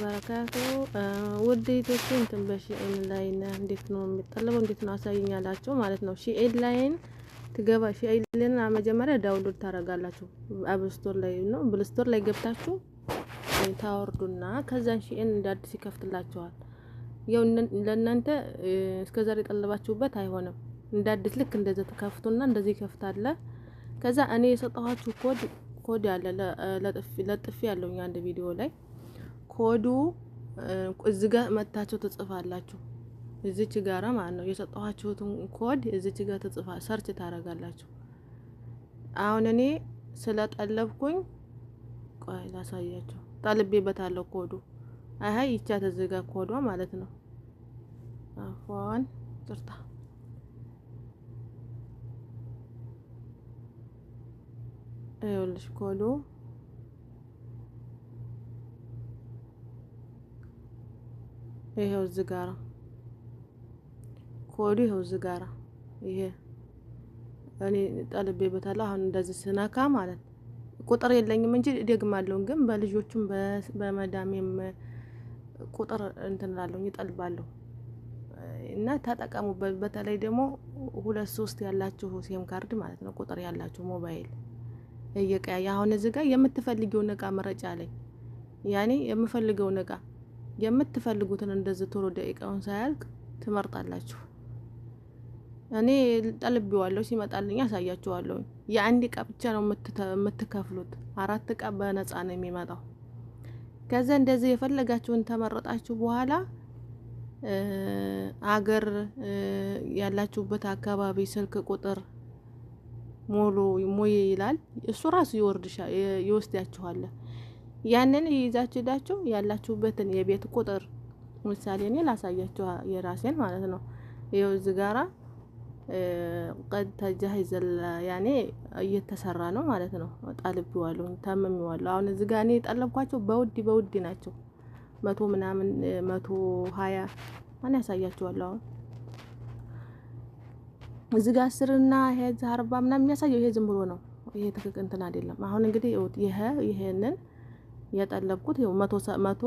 በረካቱ ውድ ኢትዮጵያ እንትን በሺኤን ላይን እንዴት ነው የሚጠለበው? እንዴት ነው አሳይኛላችሁ ማለት ነው። ሺኤን ላይን ትገባ ሺኤን መጀመሪያ ዳውንሎድ ታደርጋላችሁ። አብስቶር ላይ ነው ብልስቶር ላይ ገብታችሁ ታወርዱና ከዛን ሺኤን እንደ አዲስ ይከፍትላችኋል። ያው ለእናንተ እስከዛሬ የጠለባችሁበት አይሆንም። እንደ አዲስ ልክ እንደዛ ተከፍቱና እንደዚህ ይከፍታለ። ከዛ እኔ የሰጠኋችሁ ኮድ ኮድ አለ ለጥፊ ለጥፊ ያለውኝ አንድ ቪዲዮ ላይ ኮዱ እዚ ጋ መታችሁ ትጽፋላችሁ። እዚች ጋራ ማለት ነው የሰጠኋችሁትን ኮድ እዚች ጋር ትጽፋ ሰርች ታደርጋላችሁ። አሁን እኔ ስለጠለብኩኝ ቆይ ላሳያችሁ። በታለው ኮዱ አይ ይቻት እዚህ ጋር ኮዷ ማለት ነው። አፎን ጥርታ ይኸውልሽ ኮዱ ይሄው እዚህ ጋራ ኮዱ ይሄው እዚህ ጋራ ይሄ እኔ ጠልቤበታለሁ። አሁን እንደዚህ ስነካ ማለት ቁጥር የለኝም እንጂ እደግማለሁ። ግን በልጆቹም በመዳሜም ቁጥር እንትን እላለሁ እና ተጠቀሙበት። በተለይ ደግሞ ሁለት ሶስት ያላችሁ ሲም ካርድ ማለት ነው ቁጥር ያላችሁ ሞባይል እየቀያየ አሁን እዚህ ጋር የምትፈልጊውን እቃ መረጫ አለኝ ያኔ የምፈልገውን እቃ የምትፈልጉትን እንደዚህ ቶሎ ደቂቃውን ሳያልቅ ትመርጣላችሁ። እኔ ጠልቤዋለሁ፣ ሲመጣልኝ ያሳያችኋለሁ። የአንድ እቃ ብቻ ነው የምትከፍሉት። አራት እቃ በነፃ ነው የሚመጣው። ከዛ እንደዚህ የፈለጋችሁን ተመረጣችሁ በኋላ አገር ያላችሁበት አካባቢ ስልክ ቁጥር ሞሎ ሞዬ ይላል። እሱ ራሱ ይወርድሻል፣ ይወስዳችኋል። ያንን ይዛችሁ ያላችሁበትን የቤት ቁጥር ምሳሌ እኔ ላሳያችሁ የራሴን ማለት ነው። ይኸው እዚህ ጋራ ቀድ ተጃሂዘ ያኔ እየተሰራ ነው ማለት ነው። ጣልቤዋለሁ፣ ታመሚዋለሁ። አሁን እዚህ ጋር እኔ የጠለብኳቸው በውድ በውድ ናቸው። መቶ ምናምን መቶ ሀያ ማን ያሳያችኋለሁ። አሁን እዚህ ጋር አስርና ሄዝ አርባ ምናምን የሚያሳየው ይሄ ዝም ብሎ ነው። ይሄ ትክክ እንትን አይደለም። አሁን እንግዲህ ይሄ ይሄንን የጠለብኩት መቶ መቶ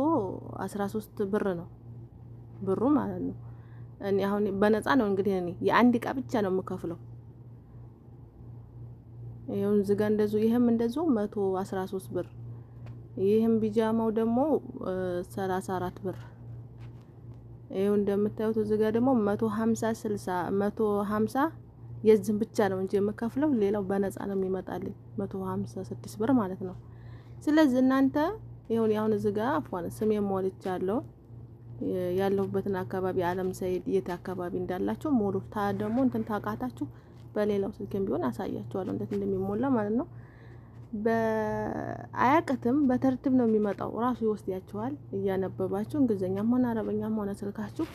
ብር ነው ብሩ ማለት ነው። እኔ አሁን በነፃ ነው እንግዲህ እኔ የአንድ እቃ ብቻ ነው የምከፍለው። ይሁን ዝጋ እንደዙ ይህም እንደዙ መቶ አስራ ብር ይህም ቢጃማው ደግሞ ሰላሳ አራት ብር ይሄው እንደምታዩት እዚህ ጋር ደግሞ 150 60 150 የዚህም ብቻ ነው እንጂ የምከፍለው ሌላው በነፃ ነው የሚመጣልኝ 156 ብር ማለት ነው። ስለዚህ እናንተ ይሁን ያሁን እዚህ ጋር አፏን ስሜን ሞልቻለሁ ያለሁበትን አካባቢ አለም ሰይድ የት አካባቢ እንዳላቸው ሞሉ። ደግሞ እንትን ታውቃታችሁ በሌላው ስልክም ቢሆን አሳያችኋለሁ እንዴት እንደሚሞላ ማለት ነው። በአያቅትም በተርትብ ነው የሚመጣው ራሱ ይወስዳችኋል። እያነበባችሁ እንግሊዝኛም ሆነ አረበኛም ሆነ ስልካችሁ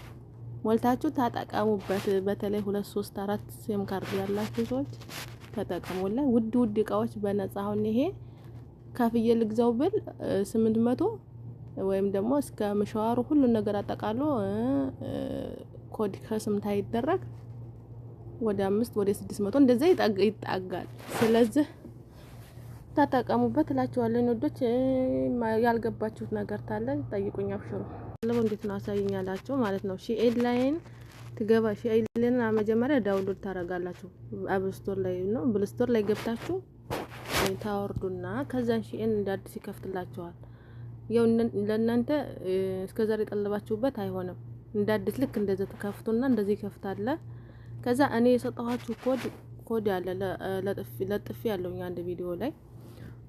ሞልታችሁ ታጠቀሙበት። በተለይ ሁለት ሶስት አራት ሲም ካርድ ያላችሁ ሰዎች ተጠቀሙላ። ውድ ውድ እቃዎች በነጻ አሁን ይሄ ከፍዬ ልግዛው ብል ስምንት መቶ ወይም ደግሞ እስከ መሸዋሩ ሁሉን ነገር አጠቃሎ ኮድ ከስም ታይደረግ ወደ አምስት ወደ ስድስት መቶ እንደዛ ይጣጋል። ስለዚህ ታጠቀሙበት እላችኋለሁ። ወዶች ያልገባችሁት ነገር ታለ ጠይቁኝ፣ አብሽሩ። ለምን እንዴት ነው አሳይኛላችሁ ማለት ነው። ሺ ኤድላይን ትገባ ሺ ኤድላይን መጀመሪያ ዳውንሎድ ታደርጋላችሁ። አፕ ስቶር ላይ ነው፣ ፕሌይ ስቶር ላይ ገብታችሁ ታወርዱና ከዛን ሺኤን እንደ አዲስ ይከፍትላችኋል። ያው ለእናንተ እስከዛሬ የጠለባችሁበት አይሆንም። እንደ አዲስ ልክ እንደዛ ተከፍቱና እንደዚህ ይከፍታለ። ከዛ እኔ የሰጠኋችሁ ኮድ ኮድ ያለ ለጥፊ ያለውኝ አንድ ቪዲዮ ላይ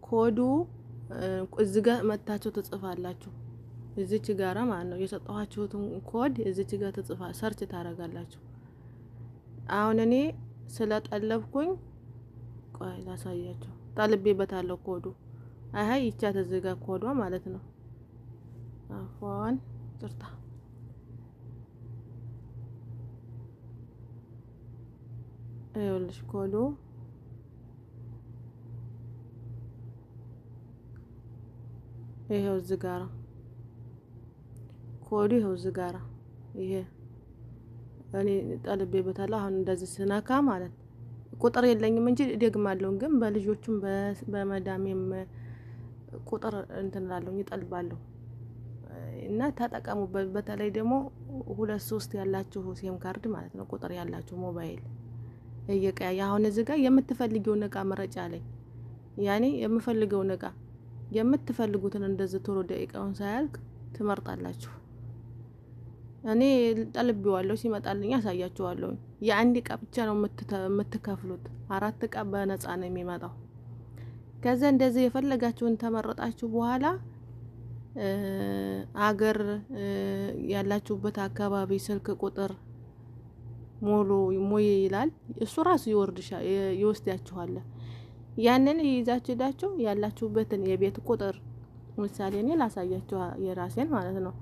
ኮዱ እዚህ ጋ መታቸው ትጽፋላችሁ። እዚች ጋራ ማለት ነው የሰጠኋችሁትን ኮድ እዚች ጋር ትጽፋ ሰርች ታረጋላችሁ። አሁን እኔ ስለጠለብኩኝ ቆይ ላሳያችሁ። ጣልቤ በታለው ኮዱ አይ ይቻ ተዘጋ ኮዷ ማለት ነው። አፏን ጥርታ ይኸውልሽ ኮዱ ይሄው እዚህ ጋራ ኮዱ ይሄው እዚህ ጋራ ይሄ እኔ ጣልቤበታለሁ አሁን እንደዚህ ስነካ ማለት ቁጥር የለኝም እንጂ ደግማለሁ። ግን በልጆቹም በመዳሜም ቁጥር እንትንላለሁ ይጠልባለሁ። እና ተጠቀሙበት። በተለይ ደግሞ ሁለት ሶስት ያላችሁ ሲም ካርድ ማለት ነው ቁጥር ያላችሁ ሞባይል እየቀያየ አሁን እዚህ ጋር የምትፈልጊውን እቃ መረጫ ላይ ያኔ የምፈልገውን እቃ የምትፈልጉትን እንደዚህ ቶሎ ደቂቃውን ሳያልቅ ትመርጣላችሁ። እኔ ጠልቢዋለሁ፣ ሲመጣልኝ አሳያችኋለሁ። የአንድ እቃ ብቻ ነው የምትከፍሉት። አራት እቃ በነጻ ነው የሚመጣው። ከዛ እንደዚህ የፈለጋችሁን ተመረጣችሁ በኋላ አገር ያላችሁበት አካባቢ ስልክ ቁጥር ሞሉ ሞይ ይላል። እሱ ራሱ ይወርድሻ ይወስዳችኋል። ያንን ይይዛችሁ ሄዳችሁ ያላችሁበትን የቤት ቁጥር ምሳሌ እኔ ላሳያችሁ የራሴን ማለት ነው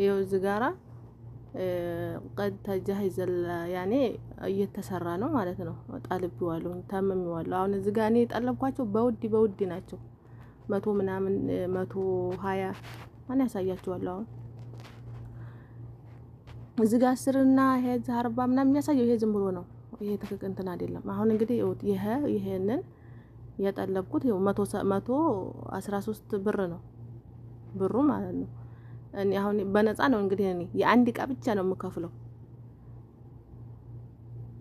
ይኸው እዚህ ጋራ ቀድ ተጃሂዘል ያኔ እየተሰራ ነው ማለት ነው። ጣልብ ዋሉ ታመም ዋሉ። አሁን እዚህ ጋር እኔ የጠለብኳቸው በውድ በውድ ናቸው። መቶ ምናምን መቶ ሀያ ማን ያሳያቸዋለሁ አሁን እዚህ ጋር አስርና ይሄ አርባ ምናምን የሚያሳየው ይሄ ዝም ብሎ ነው። ይሄ ትክክል እንትን አይደለም። አሁን እንግዲህ ይሄ ይሄንን የጠለብኩት ይኸው መቶ አስራ ሶስት ብር ነው ብሩ ማለት ነው። እኔ በነፃ ነው እንግዲህ እኔ የአንድ እቃ ብቻ ነው የምከፍለው።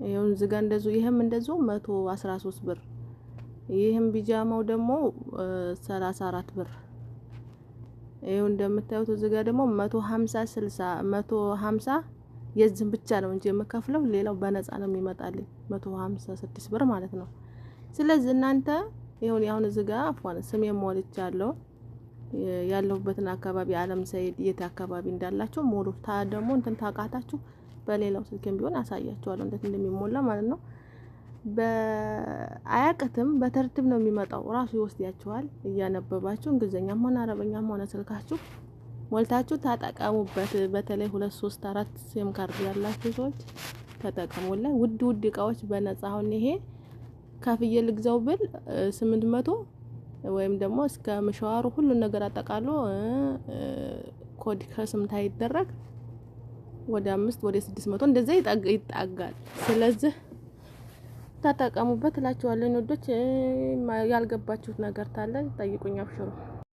ይሄውን ዝጋ እንደዙ ይሄም እንደዙ 113 ብር ይህም ቢጃማው ደግሞ 34 ብር። ይሄው እንደምታዩት እዚህ ጋር ደግሞ 150 60 150 የዚህም ብቻ ነው እንጂ የምከፍለው ሌላው በነፃ ነው የሚመጣልኝ 156 ብር ማለት ነው። ስለዚህ እናንተ ይሁን ያሁን እዚህ ጋር አፏን ስሜ ሞልቻለሁ። ያለሁበትን አካባቢ አለም ሰይድ የት አካባቢ እንዳላቸው ሞዶ ታ ደግሞ እንትን ታውቃታችሁ። በሌላው ስልክም ቢሆን አሳያችኋለሁ እንዴት እንደሚሞላ ማለት ነው። በአያቅትም በተርትብ ነው የሚመጣው። ራሱ ይወስዳችኋል። እያነበባችሁ እንግሊዝኛም ሆነ አረበኛም ሆነ ስልካችሁ ሞልታችሁ ታጠቀሙበት። በተለይ ሁለት ሶስት አራት ሲም ካርድ ያላችሁ ሰዎች ተጠቀሙላ። ውድ ውድ እቃዎች በነጻ አሁን ይሄ ከፍዬ ልግዛው ብል ስምንት መቶ ወይም ደግሞ እስከ ምሸዋሩ ሁሉን ነገር አጠቃሎ ኮድ ከስምታ ይደረግ ወደ አምስት ወደ ስድስት መቶ እንደዛ ይጣጋል። ስለዚህ ታጠቀሙበት እላችኋለሁ። ወዶች ያልገባችሁት ነገር ታለ ጠይቁኝ፣ አብሽሩ።